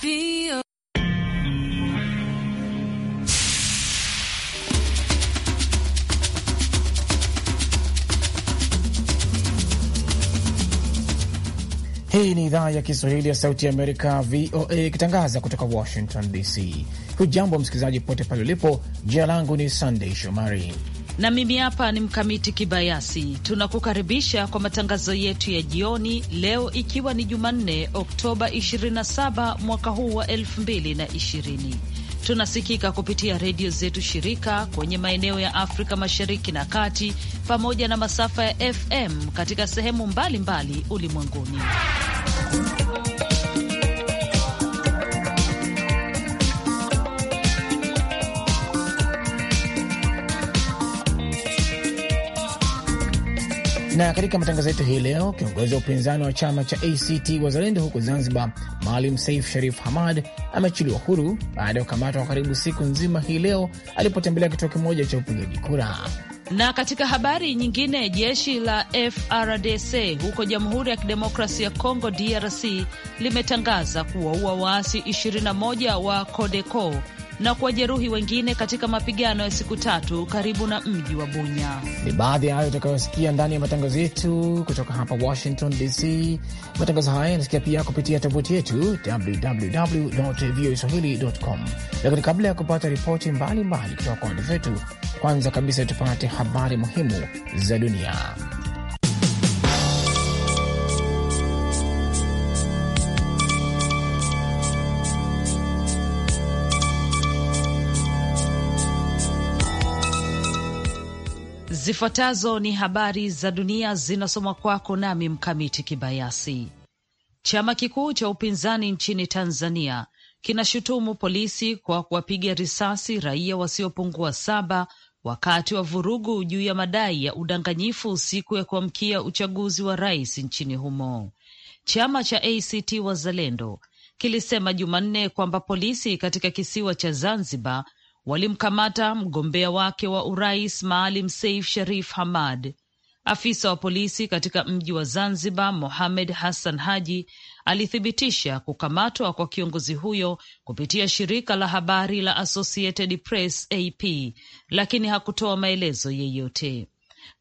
Hii ni idhaa ya Kiswahili ya Sauti ya Amerika, VOA, ikitangaza kutoka Washington DC. Hujambo msikilizaji pote pale ulipo. Jina langu ni Sandey Shomari na mimi hapa ni Mkamiti Kibayasi. Tunakukaribisha kwa matangazo yetu ya jioni leo, ikiwa ni Jumanne, Oktoba 27 mwaka huu wa 2020. Tunasikika kupitia redio zetu shirika kwenye maeneo ya Afrika Mashariki na Kati, pamoja na masafa ya FM katika sehemu mbalimbali ulimwenguni. Na katika matangazo yetu hii leo, kiongozi wa upinzani wa chama cha ACT Wazalendo huko Zanzibar, Maalim Saif Sharif Hamad ameachiliwa huru baada ya kukamatwa kwa karibu siku nzima hii leo alipotembelea kituo kimoja cha upigaji kura. Na katika habari nyingine, jeshi la FRDC huko Jamhuri ya Kidemokrasia ya Kongo DRC limetangaza kuwaua waasi 21 wa CODECO na kuwajeruhi wengine katika mapigano ya siku tatu karibu na mji wa Bunya. Ni baadhi ya hayo utakayosikia ndani ya matangazo yetu kutoka hapa Washington DC. Matangazo haya yanasikia pia kupitia tovuti yetu www voa swahili.com. Lakini kabla ya kupata ripoti mbalimbali kutoka kwa zetu kwanza kabisa tupate habari muhimu za dunia. Zifuatazo ni habari za dunia zinasomwa kwako nami Mkamiti Kibayasi. Chama kikuu cha upinzani nchini Tanzania kinashutumu polisi kwa kuwapiga risasi raia wasiopungua saba wakati wa vurugu juu ya madai ya udanganyifu siku ya kuamkia uchaguzi wa rais nchini humo. Chama cha ACT Wazalendo kilisema Jumanne kwamba polisi katika kisiwa cha Zanzibar walimkamata mgombea wake wa urais Maalim Seif Sharif Hamad. Afisa wa polisi katika mji wa Zanzibar Mohamed Hassan Haji alithibitisha kukamatwa kwa kiongozi huyo kupitia shirika la habari la Associated Press AP, lakini hakutoa maelezo yeyote.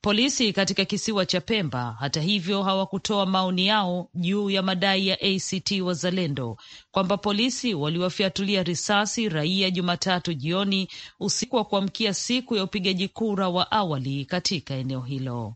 Polisi katika kisiwa cha Pemba, hata hivyo, hawakutoa maoni yao juu ya madai ya ACT Wazalendo kwamba polisi waliwafyatulia risasi raia Jumatatu jioni, usiku wa kuamkia siku ya upigaji kura wa awali katika eneo hilo.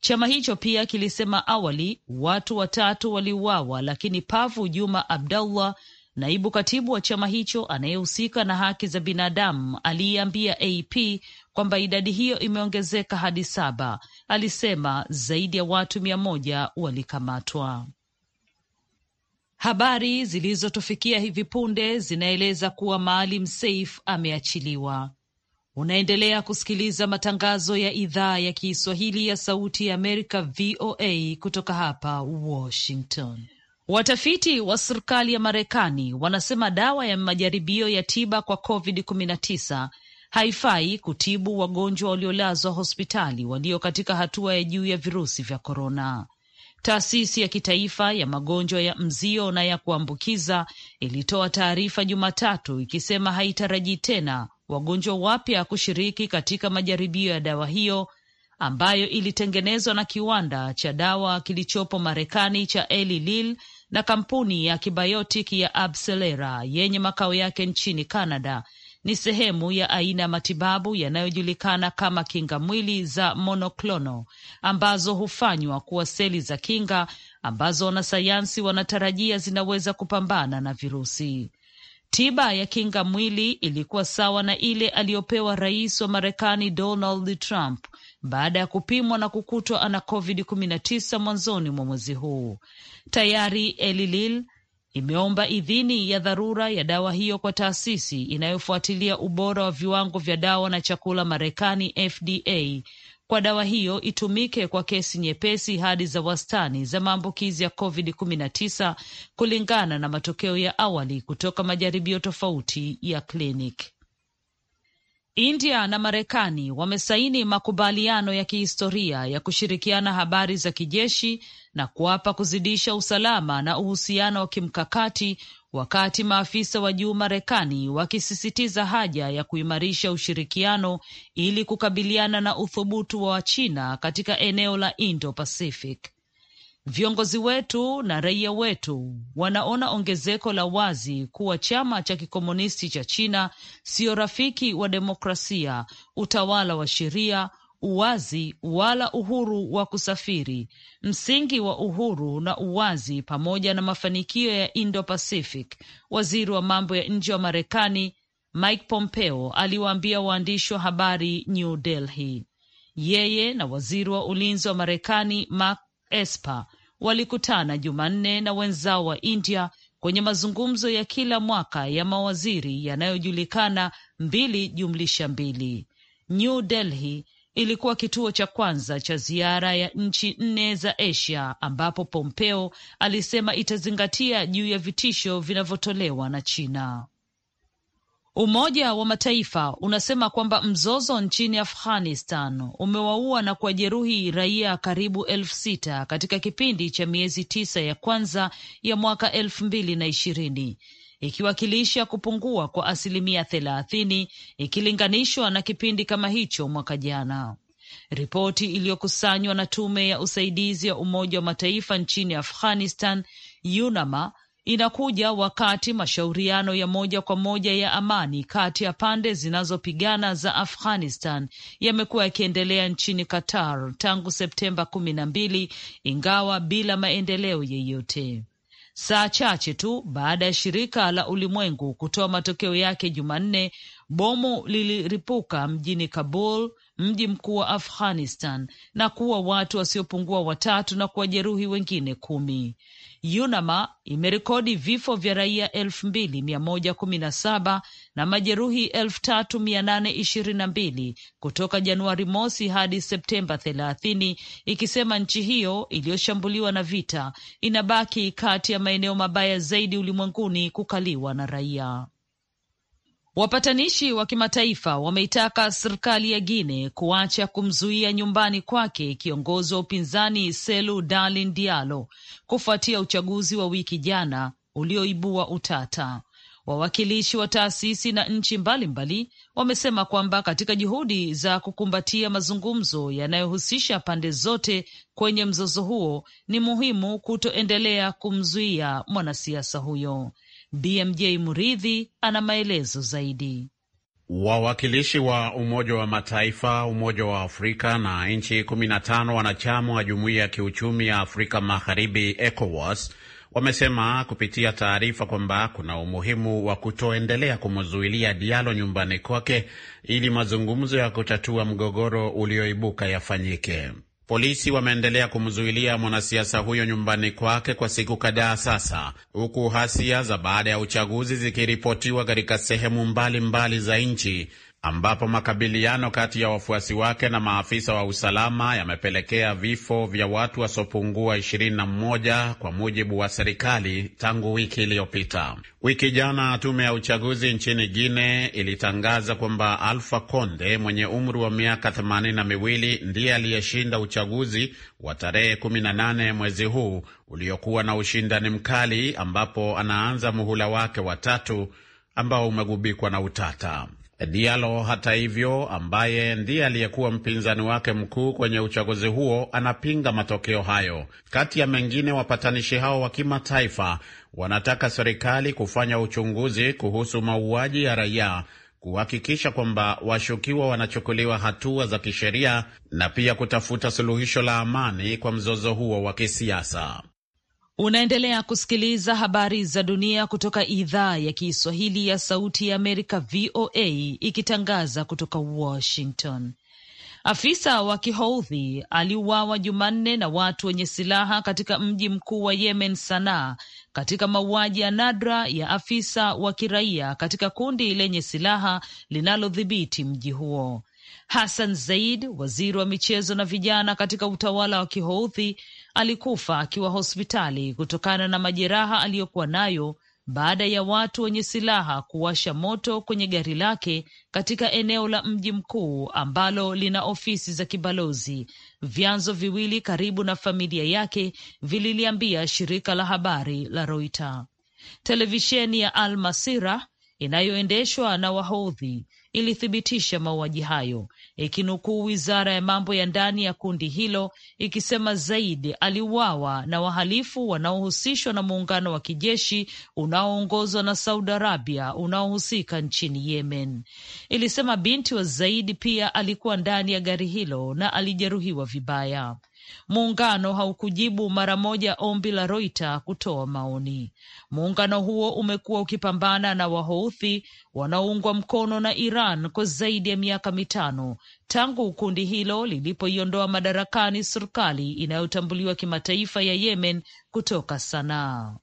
Chama hicho pia kilisema awali watu watatu waliuawa, lakini Pavu Juma Abdallah Naibu katibu wa chama hicho anayehusika na haki za binadamu aliiambia AP kwamba idadi hiyo imeongezeka hadi saba. Alisema zaidi ya watu mia moja walikamatwa. Habari zilizotufikia hivi punde zinaeleza kuwa Maalim Seif ameachiliwa. Unaendelea kusikiliza matangazo ya idhaa ya Kiswahili ya Sauti ya Amerika, VOA, kutoka hapa Washington. Watafiti wa serikali ya Marekani wanasema dawa ya majaribio ya tiba kwa COVID-19 haifai kutibu wagonjwa waliolazwa hospitali walio katika hatua ya juu ya virusi vya korona. Taasisi ya kitaifa ya magonjwa ya mzio na ya kuambukiza ilitoa taarifa Jumatatu ikisema haitarajii tena wagonjwa wapya kushiriki katika majaribio ya dawa hiyo ambayo ilitengenezwa na kiwanda cha dawa kilichopo Marekani cha Eli Lilly na kampuni ya kibayotiki ya Abselera yenye makao yake nchini Canada ni sehemu ya aina ya matibabu yanayojulikana kama kinga mwili za monoklono ambazo hufanywa kuwa seli za kinga ambazo wanasayansi wanatarajia zinaweza kupambana na virusi. Tiba ya kinga mwili ilikuwa sawa na ile aliyopewa rais wa Marekani Donald Trump baada ya kupimwa na kukutwa ana COVID-19 mwanzoni mwa mwezi huu. Tayari Elilil imeomba idhini ya dharura ya dawa hiyo kwa taasisi inayofuatilia ubora wa viwango vya dawa na chakula Marekani, FDA, kwa dawa hiyo itumike kwa kesi nyepesi hadi za wastani za maambukizi ya COVID-19 kulingana na matokeo ya awali kutoka majaribio tofauti ya kliniki. India na Marekani wamesaini makubaliano ya kihistoria ya kushirikiana habari za kijeshi na kuapa kuzidisha usalama na uhusiano wa kimkakati, wakati maafisa wa juu Marekani wakisisitiza haja ya kuimarisha ushirikiano ili kukabiliana na uthubutu wa Wachina katika eneo la Indo Pacific. Viongozi wetu na raia wetu wanaona ongezeko la wazi kuwa chama cha kikomunisti cha China siyo rafiki wa demokrasia, utawala wa sheria, uwazi wala uhuru wa kusafiri, msingi wa uhuru na uwazi, pamoja na mafanikio ya Indo-Pacific. Waziri wa mambo ya nje wa Marekani Mike Pompeo aliwaambia waandishi wa habari New Delhi. Yeye na waziri wa ulinzi wa Marekani Mark ESPA walikutana Jumanne na wenzao wa India kwenye mazungumzo ya kila mwaka ya mawaziri yanayojulikana mbili jumlisha mbili. New Delhi ilikuwa kituo cha kwanza cha ziara ya nchi nne za Asia ambapo Pompeo alisema itazingatia juu ya vitisho vinavyotolewa na China. Umoja wa Mataifa unasema kwamba mzozo nchini Afghanistan umewaua na kuwajeruhi raia karibu elfu sita katika kipindi cha miezi tisa ya kwanza ya mwaka elfu mbili na ishirini ikiwakilisha kupungua kwa asilimia thelathini ikilinganishwa na kipindi kama hicho mwaka jana. Ripoti iliyokusanywa na tume ya usaidizi ya Umoja wa Mataifa nchini Afghanistan, YUNAMA, inakuja wakati mashauriano ya moja kwa moja ya amani kati ya pande zinazopigana za Afghanistan yamekuwa yakiendelea nchini Qatar tangu Septemba kumi na mbili, ingawa bila maendeleo yeyote. Saa chache tu baada ya shirika la ulimwengu kutoa matokeo yake Jumanne, bomu liliripuka mjini Kabul mji mkuu wa Afghanistan na kuua watu wasiopungua watatu na kuwajeruhi wengine kumi. Yunama imerekodi vifo vya raia elfu mbili mia moja kumi na saba na majeruhi elfu tatu mia nane ishirini na mbili kutoka Januari mosi hadi Septemba thelathini, ikisema nchi hiyo iliyoshambuliwa na vita inabaki kati ya maeneo mabaya zaidi ulimwenguni kukaliwa na raia. Wapatanishi wa kimataifa wameitaka serikali ya Guine kuacha kumzuia nyumbani kwake kiongozi wa upinzani Selu Darlin dialo kufuatia uchaguzi wa wiki jana ulioibua utata. Wawakilishi wa taasisi na nchi mbalimbali wamesema kwamba katika juhudi za kukumbatia mazungumzo yanayohusisha pande zote kwenye mzozo huo, ni muhimu kutoendelea kumzuia mwanasiasa huyo. BMJ Muridhi ana maelezo zaidi. Wawakilishi wa Umoja wa Mataifa, Umoja wa Afrika na nchi 15 wanachama wa Jumuiya ya Kiuchumi ya Afrika Magharibi, ECOWAS, wamesema kupitia taarifa kwamba kuna umuhimu wa kutoendelea kumzuilia dialo nyumbani kwake ili mazungumzo ya kutatua mgogoro ulioibuka yafanyike. Polisi wameendelea kumzuilia mwanasiasa huyo nyumbani kwake kwa siku kadhaa sasa, huku hasia za baada ya uchaguzi zikiripotiwa katika sehemu mbalimbali mbali za nchi ambapo makabiliano kati ya wafuasi wake na maafisa wa usalama yamepelekea vifo vya watu wasiopungua 21 kwa mujibu wa serikali tangu wiki iliyopita. Wiki jana tume ya uchaguzi nchini guine ilitangaza kwamba Alfa Conde mwenye umri wa miaka themanini na miwili ndiye aliyeshinda uchaguzi wa tarehe 18 mwezi huu uliokuwa na ushindani mkali, ambapo anaanza muhula wake wa tatu ambao umegubikwa na utata dialo hata hivyo, ambaye ndiye aliyekuwa mpinzani wake mkuu kwenye uchaguzi huo, anapinga matokeo hayo. Kati ya mengine, wapatanishi hao wa kimataifa wanataka serikali kufanya uchunguzi kuhusu mauaji ya raia kuhakikisha kwamba washukiwa wanachukuliwa hatua za kisheria na pia kutafuta suluhisho la amani kwa mzozo huo wa kisiasa. Unaendelea kusikiliza habari za dunia kutoka idhaa ya Kiswahili ya Sauti ya Amerika, VOA, ikitangaza kutoka Washington. Afisa wa Kihoudhi aliuawa Jumanne na watu wenye silaha katika mji mkuu wa Yemen, Sanaa, katika mauaji ya nadra ya afisa wa kiraia katika kundi lenye silaha linalodhibiti mji huo. Hassan Zaid, waziri wa michezo na vijana katika utawala wa Kihoudhi, alikufa akiwa hospitali kutokana na majeraha aliyokuwa nayo baada ya watu wenye silaha kuwasha moto kwenye gari lake katika eneo la mji mkuu ambalo lina ofisi za kibalozi. Vyanzo viwili karibu na familia yake vililiambia shirika la habari la Reuters. Televisheni ya Al Masira inayoendeshwa na Wahodhi ilithibitisha mauaji hayo, ikinukuu wizara ya mambo ya ndani ya kundi hilo ikisema Zaid aliuawa na wahalifu wanaohusishwa na muungano wa kijeshi unaoongozwa na Saudi Arabia unaohusika nchini Yemen. Ilisema binti wa Zaid pia alikuwa ndani ya gari hilo na alijeruhiwa vibaya. Muungano haukujibu mara moja ombi la Roita kutoa maoni. Muungano huo umekuwa ukipambana na Wahouthi wanaoungwa mkono na Iran kwa zaidi ya miaka mitano tangu kundi hilo lilipoiondoa madarakani serikali inayotambuliwa kimataifa ya Yemen kutoka Sanaa.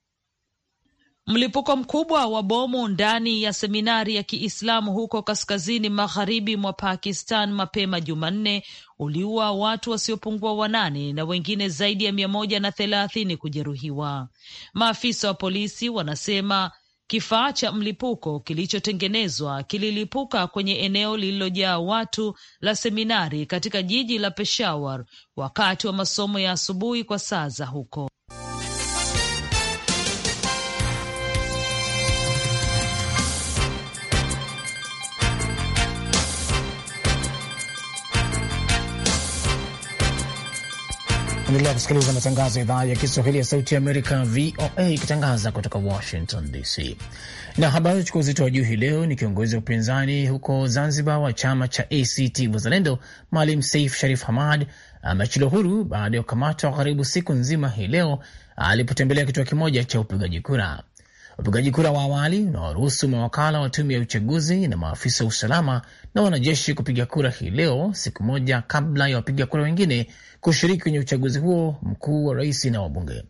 Mlipuko mkubwa wa bomu ndani ya seminari ya Kiislamu huko kaskazini magharibi mwa Pakistan mapema Jumanne uliua watu wasiopungua wanane na wengine zaidi ya mia moja na thelathini kujeruhiwa. Maafisa wa polisi wanasema kifaa cha mlipuko kilichotengenezwa kililipuka kwenye eneo lililojaa watu la seminari katika jiji la Peshawar wakati wa masomo ya asubuhi kwa saa za huko. Unaendelea kusikiliza matangazo ya idhaa ya Kiswahili ya Sauti ya Amerika, VOA, ikitangaza kutoka Washington DC. Na habari chukua uzito wa juu hii leo ni kiongozi wa upinzani huko Zanzibar wa chama cha ACT Wazalendo, Maalim Seif Sharif Hamad ameachiliwa huru baada ya kukamatwa karibu siku nzima hii leo alipotembelea kituo kimoja cha upigaji kura. Upigaji kura wa awali unawaruhusu mawakala wa tume ya uchaguzi na maafisa wa usalama na wanajeshi kupiga kura hii leo, siku moja kabla ya wapiga kura wengine kushiriki kwenye uchaguzi huo mkuu wa rais na wabunge.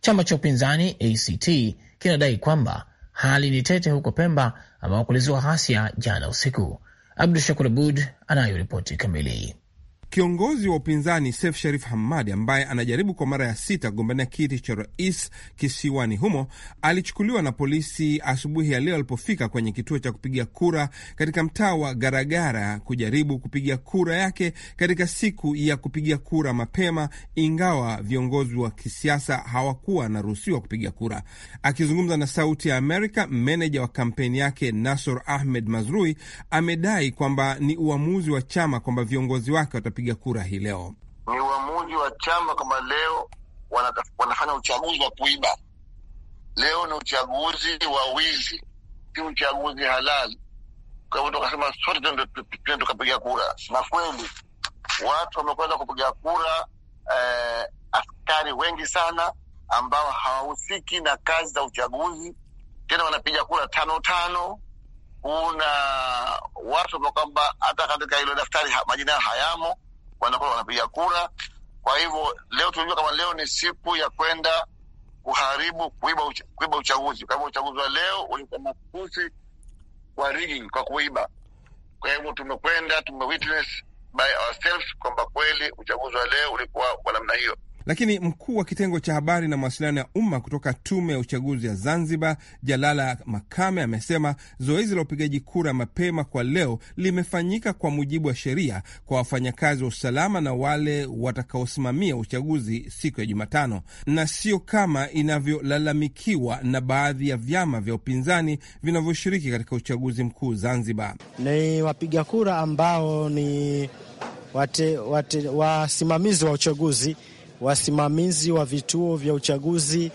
Chama cha upinzani ACT kinadai kwamba hali ni tete huko Pemba, ambao kuliziwa ghasia jana usiku. Abdu Shakur Abud anayo ripoti kamili. Kiongozi wa upinzani sef Sharif hamadi ambaye anajaribu kwa mara ya sita kugombania kiti cha rais kisiwani humo alichukuliwa na polisi asubuhi ya leo alipofika kwenye kituo cha kupiga kura katika mtaa wa Garagara kujaribu kupiga kura yake katika siku ya kupiga kura mapema, ingawa viongozi wa kisiasa hawakuwa wanaruhusiwa kupiga kura. Akizungumza na Sauti ya Amerika, meneja wa kampeni yake Nasor Ahmed Mazrui amedai kwamba ni uamuzi wa chama kwamba viongozi wake wanapiga kura hii leo. Ni uamuzi wa chama kwamba leo wanafanya uchaguzi wa kuiba. Leo ni uchaguzi wa wizi, si uchaguzi halali. Kwa hivyo tukasema sote tukapiga kura, na kweli watu wamekwenda kupiga kura eh, askari wengi sana ambao hawahusiki na kazi za uchaguzi, tena wanapiga kura tano tano. Kuna watu kwamba hata katika hilo daftari majina yao hayamo wanakuwa wanapiga kura. Kwa hivyo leo tunajua kama leo ni siku ya kwenda kuharibu, kuiba, ucha, kuiba uchaguzi. Kwa hivyo uchaguzi wa leo ulikuwa makusi kwa rigging, kwa kuiba. Kwa hivyo tumekwenda, tumewitness by ourselves kwamba kweli uchaguzi wa leo ulikuwa kwa namna hiyo. Lakini mkuu wa kitengo cha habari na mawasiliano ya umma kutoka tume ya uchaguzi ya Zanzibar, Jalala Makame, amesema zoezi la upigaji kura mapema kwa leo limefanyika kwa mujibu wa sheria kwa wafanyakazi wa usalama na wale watakaosimamia uchaguzi siku ya Jumatano, na sio kama inavyolalamikiwa na baadhi ya vyama vya upinzani vinavyoshiriki katika uchaguzi mkuu Zanzibar. Ni wapiga kura ambao ni wasimamizi wa uchaguzi wasimamizi wa vituo vya uchaguzi,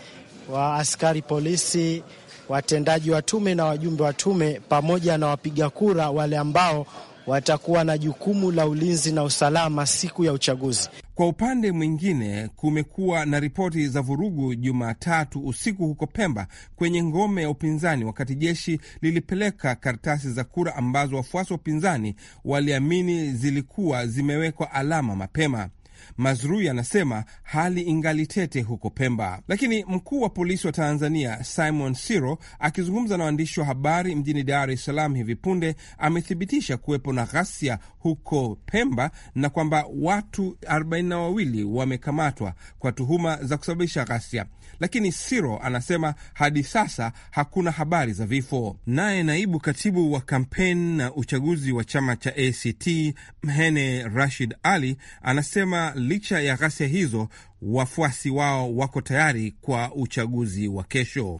wa askari polisi, watendaji wa tume na wajumbe wa tume, pamoja na wapiga kura wale ambao watakuwa na jukumu la ulinzi na usalama siku ya uchaguzi. Kwa upande mwingine, kumekuwa na ripoti za vurugu Jumatatu usiku huko Pemba kwenye ngome ya upinzani, wakati jeshi lilipeleka karatasi za kura ambazo wafuasi wa upinzani waliamini zilikuwa zimewekwa alama mapema. Mazrui anasema hali ingali tete huko Pemba. Lakini mkuu wa polisi wa Tanzania Simon Siro akizungumza na waandishi wa habari mjini Dar es Salaam hivi punde amethibitisha kuwepo na ghasia huko Pemba na kwamba watu arobaini wamekamatwa kwa tuhuma za kusababisha ghasia lakini Siro anasema hadi sasa hakuna habari za vifo. Naye naibu katibu wa kampeni na uchaguzi wa chama cha ACT Mhene Rashid Ali anasema licha ya ghasia hizo wafuasi wao wako tayari kwa uchaguzi wa kesho.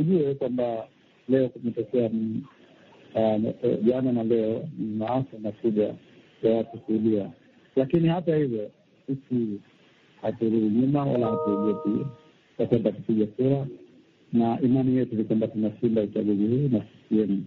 ujue kwamba leo kumetokea um, eh, jana na leo maafa makubwa ya watu kuulia, lakini hata hivyo sisi haturudi nyuma wala hatuogopi, tutakwenda kupiga kura, na imani yetu ni kwamba tunashinda uchaguzi huu na CCM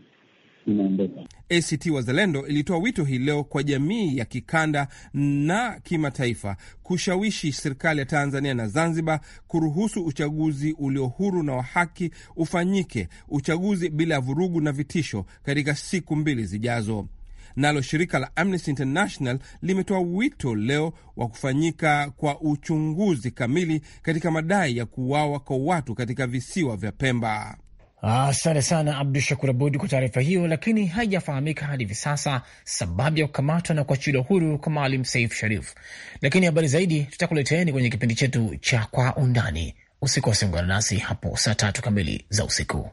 ACT Wazalendo ilitoa wito hii leo kwa jamii ya kikanda na kimataifa kushawishi serikali ya Tanzania na Zanzibar kuruhusu uchaguzi ulio huru na wa haki ufanyike, uchaguzi bila ya vurugu na vitisho katika siku mbili zijazo. Nalo shirika la Amnesty International limetoa wito leo wa kufanyika kwa uchunguzi kamili katika madai ya kuuawa kwa watu katika visiwa vya Pemba. Asante ah, sana Abdu Shakur Abud kwa taarifa hiyo, lakini haijafahamika hadi hivi sasa sababu ya kukamatwa na kuachiliwa huru kwa Maalim Saif Sharif. Lakini habari zaidi tutakuleteeni kwenye kipindi chetu cha Kwa Undani. Usikose, ungana nasi hapo saa tatu kamili za usiku.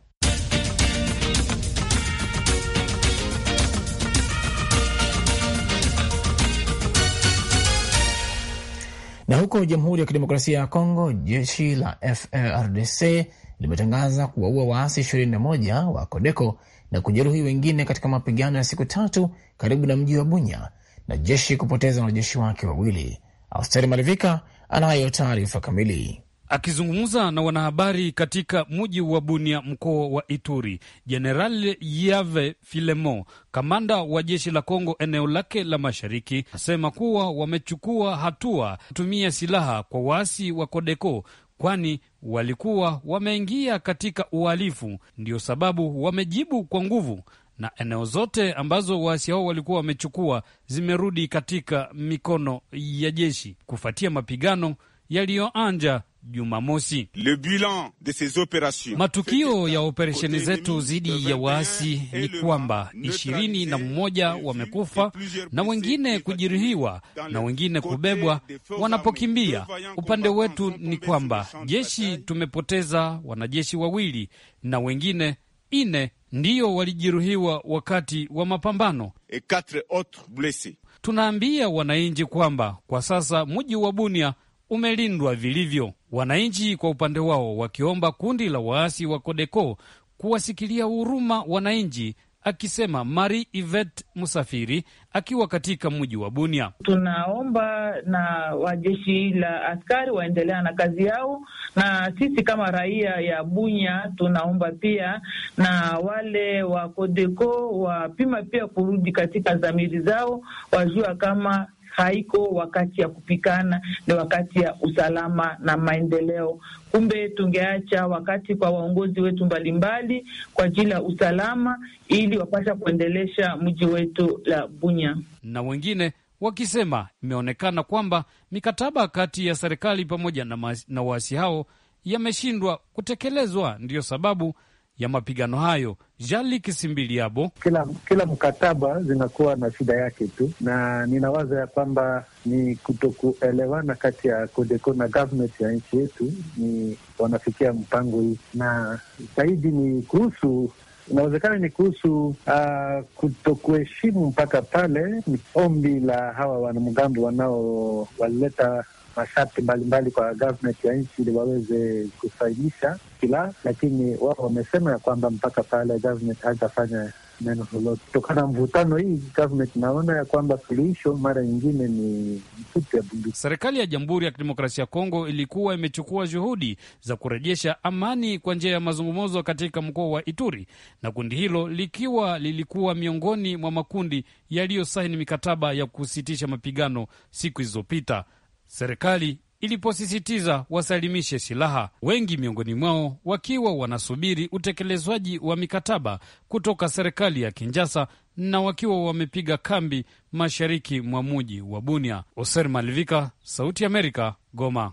Na huko Jamhuri ya Kidemokrasia ya Kongo, jeshi la FARDC limetangaza kuwaua waasi 21 wa Kodeko na kujeruhi wengine katika mapigano ya siku tatu karibu na mji wa Bunya na jeshi kupoteza wanajeshi wake wawili. Austeri Malivika anayo taarifa kamili. Akizungumza na wanahabari katika mji wa Bunia, mkoa wa Ituri, jeneral Yave Filemo, kamanda wa jeshi la Kongo eneo lake la mashariki, asema kuwa wamechukua hatua kutumia silaha kwa waasi wa Kodeko, kwani walikuwa wameingia katika uhalifu, ndio sababu wamejibu kwa nguvu na eneo zote ambazo waasi hao walikuwa wamechukua zimerudi katika mikono ya jeshi kufuatia mapigano yaliyoanja Jumamosi. Matukio ya operesheni zetu dhidi ya waasi ni kwamba ishirini na mmoja wamekufa na wengine kujeruhiwa na wengine kubebwa wanapokimbia. Upande wetu ni kwamba jeshi tumepoteza wanajeshi wawili na wengine ine ndiyo walijeruhiwa wakati wa mapambano. Tunaambia wananchi kwamba kwa sasa mji wa Bunia umelindwa vilivyo, wananchi kwa upande wao wakiomba kundi la waasi wa Kodeko kuwasikilia huruma wananchi, akisema Mari Ivet Musafiri akiwa katika mji wa Bunia. Tunaomba na wajeshi la askari waendelea na kazi yao, na sisi kama raia ya Bunya tunaomba pia na wale wa Kodeko wapima pia kurudi katika dhamiri zao, wajua kama haiko wakati ya kupikana, ni wakati ya usalama na maendeleo. Kumbe tungeacha wakati kwa waongozi wetu mbalimbali kwa ajili ya usalama, ili wapasha kuendelesha mji wetu la Bunya, na wengine wakisema imeonekana kwamba mikataba kati ya serikali pamoja na, na waasi hao yameshindwa kutekelezwa, ndiyo sababu ya mapigano hayo. Jali yabo kila kila mkataba zinakuwa na shida yake tu, na ninawaza ya kwamba ni kutokuelewana kati ya Kodeko na government ya nchi yetu, ni wanafikia mpango hii, na zaidi ni kuhusu inawezekana ni kuhusu uh, kutokuheshimu mpaka pale. Ni ombi la hawa wanamgambo wanao walileta masharti mbalimbali kwa government ya nchi ili waweze kusaidisha silaha, lakini wao wamesema ya kwamba mpaka pale government hajafanya neno lolote kutokana na mvutano hii. Government naona ya kwamba suluhisho mara nyingine ni mfutu ya bunduki. Serikali ya Jamhuri ya Kidemokrasia ya Kongo ilikuwa imechukua juhudi za kurejesha amani kwa njia ya mazungumzo katika mkoa wa Ituri, na kundi hilo likiwa lilikuwa miongoni mwa makundi yaliyosaini mikataba ya kusitisha mapigano siku zilizopita serikali iliposisitiza wasalimishe silaha, wengi miongoni mwao wakiwa wanasubiri utekelezwaji wa mikataba kutoka serikali ya Kinjasa na wakiwa wamepiga kambi mashariki mwa muji wa Bunia. Oser Malivika, Sauti ya Amerika, Goma.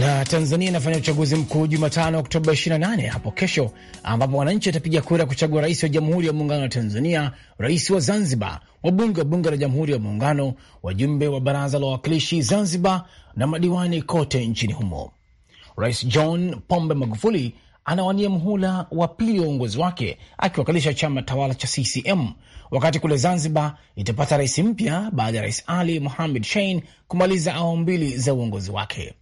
Na Tanzania inafanya uchaguzi mkuu Jumatano Oktoba 28 hapo kesho, ambapo wananchi watapiga kura kuchagua rais wa Jamhuri ya Muungano wa Tanzania, rais wa Zanzibar, wabunge wa Bunge la Jamhuri ya Muungano, wajumbe wa Baraza la Wawakilishi Zanzibar na madiwani kote nchini humo. Rais John Pombe Magufuli anawania mhula wa pili wa uongozi wake akiwakilisha chama tawala cha CCM, wakati kule Zanzibar itapata rais mpya baada ya Rais Ali Mohamed Shein kumaliza awamu mbili za uongozi wake.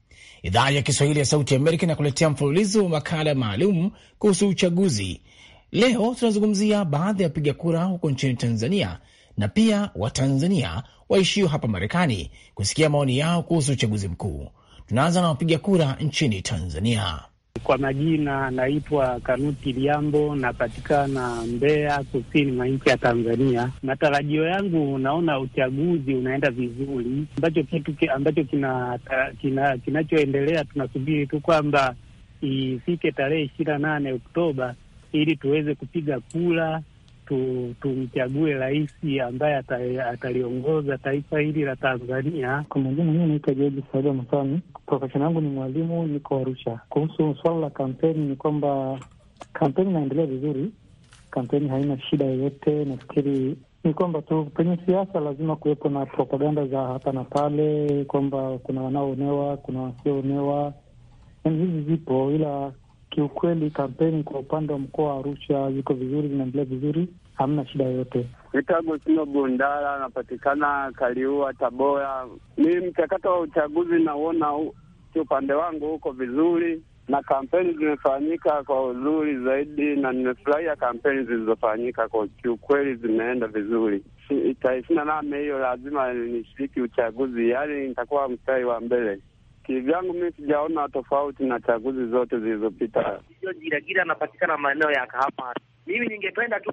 Idhaa ya Kiswahili ya Sauti Amerika inakuletea mfululizo wa makala maalum kuhusu uchaguzi. Leo tunazungumzia baadhi ya wapiga kura huko nchini Tanzania na pia Watanzania waishio hapa Marekani kusikia maoni yao kuhusu uchaguzi mkuu. Tunaanza na wapiga kura nchini Tanzania. Kwa majina naitwa Kanuti Liambo, napatikana Mbeya, kusini mwa nchi ya Tanzania. Matarajio yangu, naona uchaguzi unaenda vizuri, ambacho kitu ambacho kina, kina, tunasubiri tu kwamba ifike tarehe ishirini na nane Oktoba ili tuweze kupiga kura tumchague tu rais ambaye ataliongoza taifa hili la Tanzania. Kwa majina, mii naitwa Jeji Saida Masani, profesheni yangu ni mwalimu, niko Arusha. Kuhusu suala la kampeni, ni kwamba kampeni inaendelea vizuri, kampeni haina shida yoyote. Nafikiri ni kwamba tu kwenye siasa lazima kuwepo na propaganda za hapa na pale, kwamba kuna wanaoonewa, kuna wasioonewa, yani hizi zipo, ila kiukweli kampeni kwa upande wa mkoa wa Arusha ziko vizuri, zinaendelea vizuri, hamna shida yoyote. Mitagosino bundara anapatikana Kaliua, Tabora. Ni mchakato wa uchaguzi nauona upande wangu huko vizuri, na kampeni zimefanyika kwa uzuri zaidi, na nimefurahia kampeni zilizofanyika kwa kiukweli, zimeenda vizuri. Tarehe ishirini na nane hiyo lazima nishiriki uchaguzi, yaani nitakuwa mstari wa mbele kivyangu mi sijaona tofauti na chaguzi zote zilizopita. Hiyo Giragiri anapatikana maeneo ya hapa. Mimi ningependa tu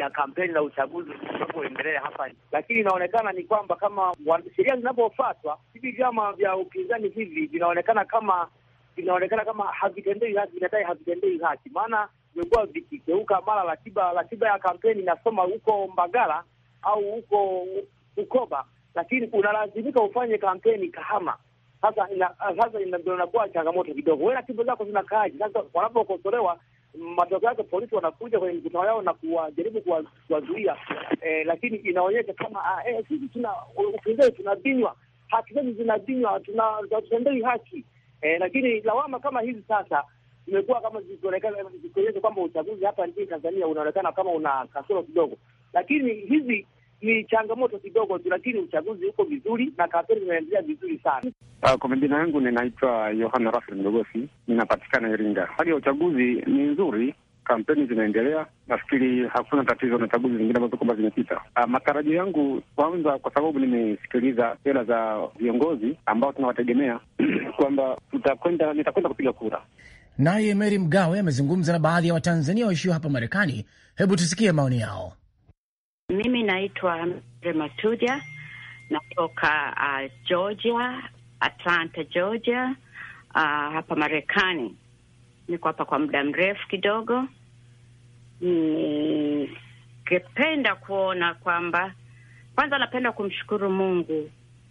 ya kampeni za uchaguzi zinapoendelea hapa, lakini inaonekana ni kwamba kama sheria zinavyofatwa hivi vyama vya upinzani hivi vinaonekana kama vinaonekana kama havitendei haki, inadai havitendei haki, maana vimekuwa vikigeuka mara ratiba ratiba ya kampeni inasoma huko Mbagala au huko Ukoba, lakini unalazimika ufanye kampeni Kahama sasa ina, sasa ndio inakuwa changamoto kidogo. Wewe ratiba zako zinakaaje? Sasa wanapokosolewa matokeo yake polisi wanakuja kwenye mkutano yao na kuwajaribu kuwazuia, eh, lakini inaonyesha kama ah, eh, sisi tuna upinzani tunabinywa, haki zetu zinabinywa, tunatendei haki eh, lakini lawama kama hizi sasa zimekuwa kama zikionekana zikionyesha kwamba uchaguzi hapa nchini Tanzania unaonekana kama una kasoro kidogo, lakini hizi ni changamoto kidogo tu, lakini uchaguzi uko vizuri na kampeni zinaendelea vizuri sana. Uh, kwa majina yangu ninaitwa Yohana Rafil Mdogosi, ninapatikana Iringa. Hali ya uchaguzi ni nzuri, kampeni zinaendelea, nafikiri hakuna tatizo na chaguzi zingine ambazo kwamba zimepita. Uh, matarajio yangu kwanza, kwa sababu nimesikiliza sera za viongozi ambao tunawategemea kwamba tutakwenda, nitakwenda kupiga kura. Naye Mary Mgawe amezungumza na baadhi ya Watanzania waishio hapa Marekani. Hebu tusikie maoni yao. Mimi naitwa Rematudia, natoka uh, Georgia, Atlanta Georgia, uh, hapa Marekani. Niko hapa kwa muda mrefu kidogo. Ningependa kuona kwamba, kwanza, napenda kumshukuru Mungu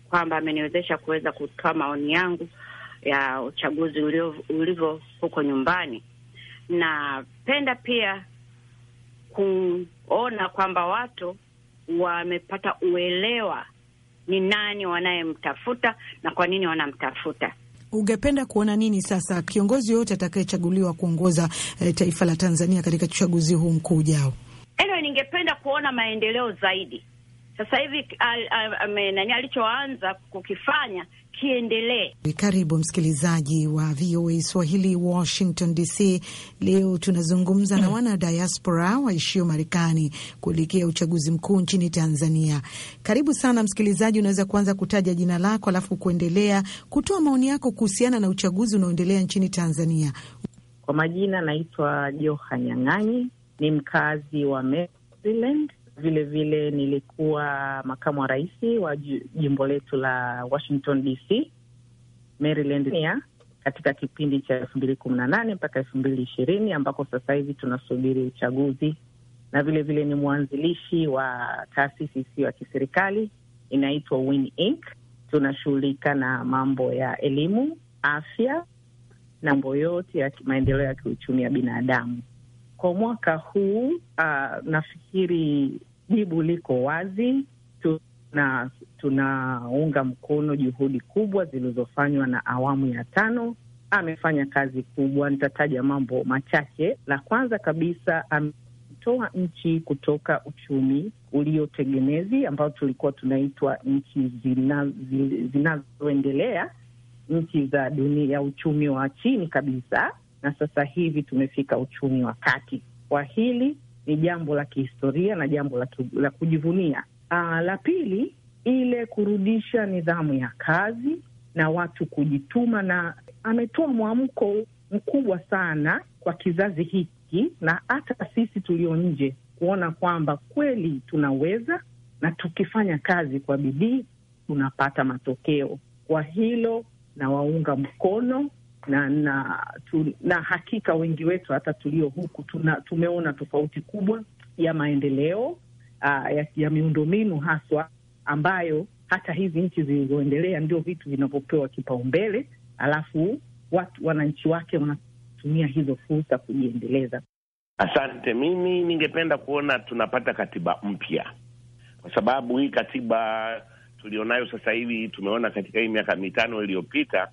kwamba ameniwezesha kuweza kutoa maoni yangu ya uchaguzi ulivyo huko nyumbani. Napenda pia kuona kwamba watu wamepata uelewa ni nani wanayemtafuta na kwa nini wanamtafuta. Ungependa kuona nini sasa kiongozi yoyote atakayechaguliwa kuongoza e, taifa la Tanzania katika uchaguzi huu mkuu ujao? Anyway, ningependa kuona maendeleo zaidi. Sasa hivi al, al, al, nani alichoanza kukifanya kiendelee. Karibu msikilizaji wa VOA Swahili, Washington DC. Leo tunazungumza na wana diaspora waishio Marekani kuelekea uchaguzi mkuu nchini Tanzania. Karibu sana msikilizaji, unaweza kuanza kutaja jina lako alafu kuendelea kutoa maoni yako kuhusiana na uchaguzi unaoendelea nchini Tanzania. Kwa majina naitwa Joha Nyang'anyi, ni mkazi wa Maryland Vilevile nilikuwa makamu wa rais wa jimbo letu la Washington DC, Maryland katika kipindi cha elfu mbili kumi na nane mpaka elfu mbili ishirini ambako sasa hivi tunasubiri uchaguzi, na vilevile vile ni mwanzilishi wa taasisi isiyo ya kiserikali inaitwa Win Inc. Tunashughulika na mambo ya elimu, afya na mambo yote ya maendeleo ya kiuchumi ya binadamu. Kwa mwaka huu uh, nafikiri jibu liko wazi. Tuna tunaunga mkono juhudi kubwa zilizofanywa na awamu ya tano. Amefanya kazi kubwa, nitataja mambo machache. La kwanza kabisa ametoa nchi kutoka uchumi uliotegemezi ambao tulikuwa tunaitwa nchi zinazoendelea, nchi za dunia, uchumi wa chini kabisa na sasa hivi tumefika uchumi wa kati. Kwa hili ni jambo la kihistoria na jambo la, la kujivunia. Aa, ah, la pili ile kurudisha nidhamu ya kazi na watu kujituma, na ametoa mwamko mkubwa sana kwa kizazi hiki na hata sisi tulio nje kuona kwamba kweli tunaweza na tukifanya kazi kwa bidii tunapata matokeo. Kwa hilo nawaunga mkono na na, tu, na hakika wengi wetu hata tulio huku tuna, tumeona tofauti kubwa ya maendeleo uh, ya, ya miundombinu haswa ambayo hata hizi nchi zilizoendelea ndio vitu vinavyopewa kipaumbele, alafu watu wananchi wake wanatumia hizo fursa kujiendeleza. Asante. Mimi ningependa kuona tunapata katiba mpya, kwa sababu hii katiba tulionayo sasa hivi tumeona katika hii miaka mitano iliyopita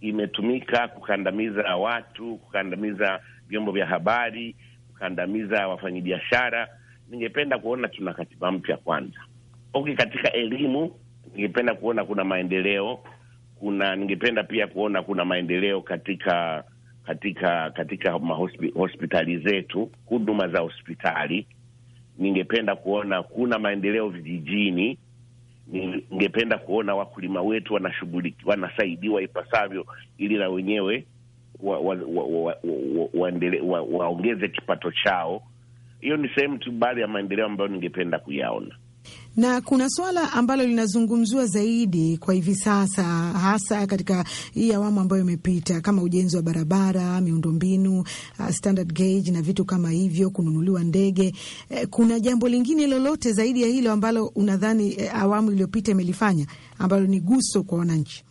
imetumika kukandamiza watu, kukandamiza vyombo vya habari, kukandamiza wafanyabiashara. Ningependa kuona tuna katiba mpya kwanza. Okay, katika elimu ningependa kuona kuna maendeleo, kuna ningependa pia kuona kuna maendeleo katika katika katika mahospitali zetu, huduma za hospitali. Ningependa kuona kuna maendeleo vijijini ningependa kuona wakulima wetu wanashughuliki wanasaidiwa ipasavyo, ili na wenyewe waongeze wa, wa, wa, wa, wa, wa kipato chao. Hiyo ni sehemu tu baadhi ya maendeleo ambayo ningependa kuyaona na kuna swala ambalo linazungumziwa zaidi kwa hivi sasa, hasa katika hii awamu ambayo imepita, kama ujenzi wa barabara, miundombinu, uh, standard gauge na vitu kama hivyo, kununuliwa ndege. Eh, kuna jambo lingine lolote zaidi ya hilo ambalo unadhani eh, awamu iliyopita imelifanya ambalo ni guso kwa wananchi?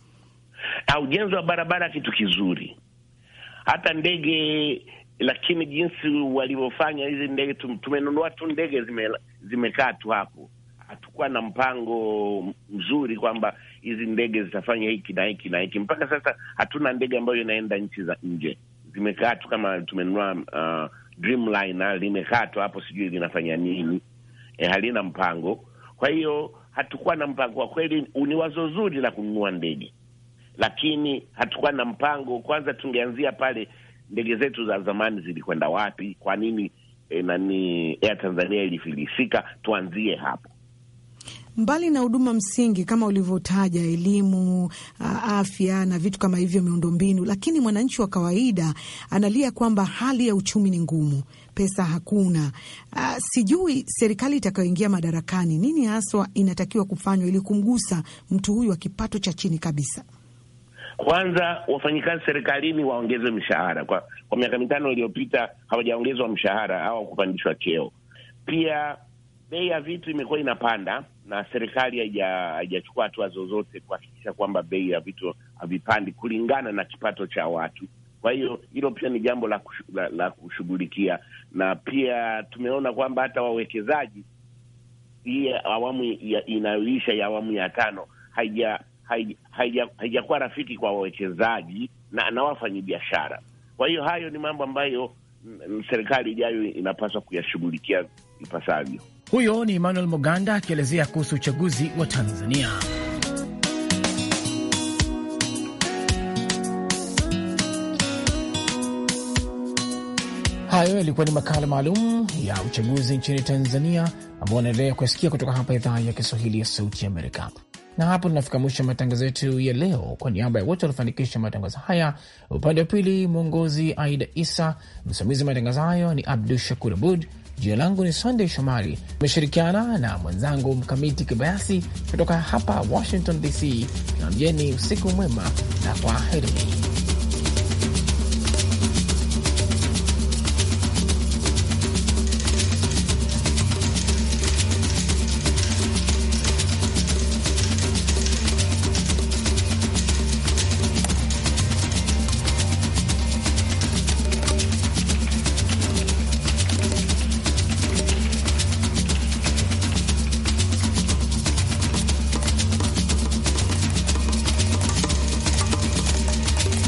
Ah, ujenzi wa barabara kitu kizuri, hata ndege lakini jinsi walivyofanya hizi ndege, tumenunua tu ndege zimekaa zime tu hapo hatukuwa na mpango mzuri kwamba hizi ndege zitafanya hiki na hiki na hiki. Mpaka sasa hatuna ndege ambayo inaenda nchi za nje, zimekaa tu kama tumenunua uh, Dreamliner limekaa tu hapo, sijui linafanya nini e, halina mpango. Kwa hiyo hatukuwa na mpango kwa kweli. Ni wazo zuri la kununua ndege, lakini hatukuwa na mpango. Kwanza tungeanzia pale, ndege zetu za zamani zilikwenda wapi? Kwa nini E, nani Air Tanzania ilifilisika? Tuanzie hapo mbali na huduma msingi kama ulivyotaja, elimu, afya na vitu kama hivyo, miundombinu, lakini mwananchi wa kawaida analia kwamba hali ya uchumi ni ngumu, pesa hakuna. A, sijui serikali itakayoingia madarakani nini haswa inatakiwa kufanywa ili kumgusa mtu huyu wa kipato cha chini kabisa? Kwanza wafanyikazi serikalini waongeze mshahara. Kwa, kwa miaka mitano iliyopita hawajaongezwa mshahara au kupandishwa cheo. Pia bei ya vitu imekuwa inapanda na serikali haijachukua hatua zozote kuhakikisha kwamba bei ya vitu havipandi kulingana na kipato cha watu. Kwa hiyo hilo pia ni jambo la, kushu, la, la kushughulikia, na pia tumeona kwamba hata wawekezaji hii awamu inayoisha ya awamu ya tano haijakuwa haija, haija, rafiki kwa wawekezaji na, na wafanyabiashara. Kwa hiyo hayo ni mambo ambayo mm, serikali ijayo inapaswa kuyashughulikia ipasavyo. Huyo ni Emmanuel muganda akielezea kuhusu uchaguzi wa Tanzania. Hayo yalikuwa ni makala maalum ya uchaguzi nchini Tanzania ambao unaendelea kuasikia kutoka hapa idhaa ya Kiswahili ya Sauti Amerika. Na hapo tunafika mwisho matangazo yetu ya leo. Kwa niaba ya wote waliofanikisha matangazo haya, upande wa pili mwongozi Aida Isa, msimamizi wa matangazo hayo ni Abdu Shakur Abud. Jina langu ni Sandey Shomari, imeshirikiana na mwenzangu Mkamiti Kibayasi kutoka hapa Washington DC, na mjeni usiku mwema na kwa heri.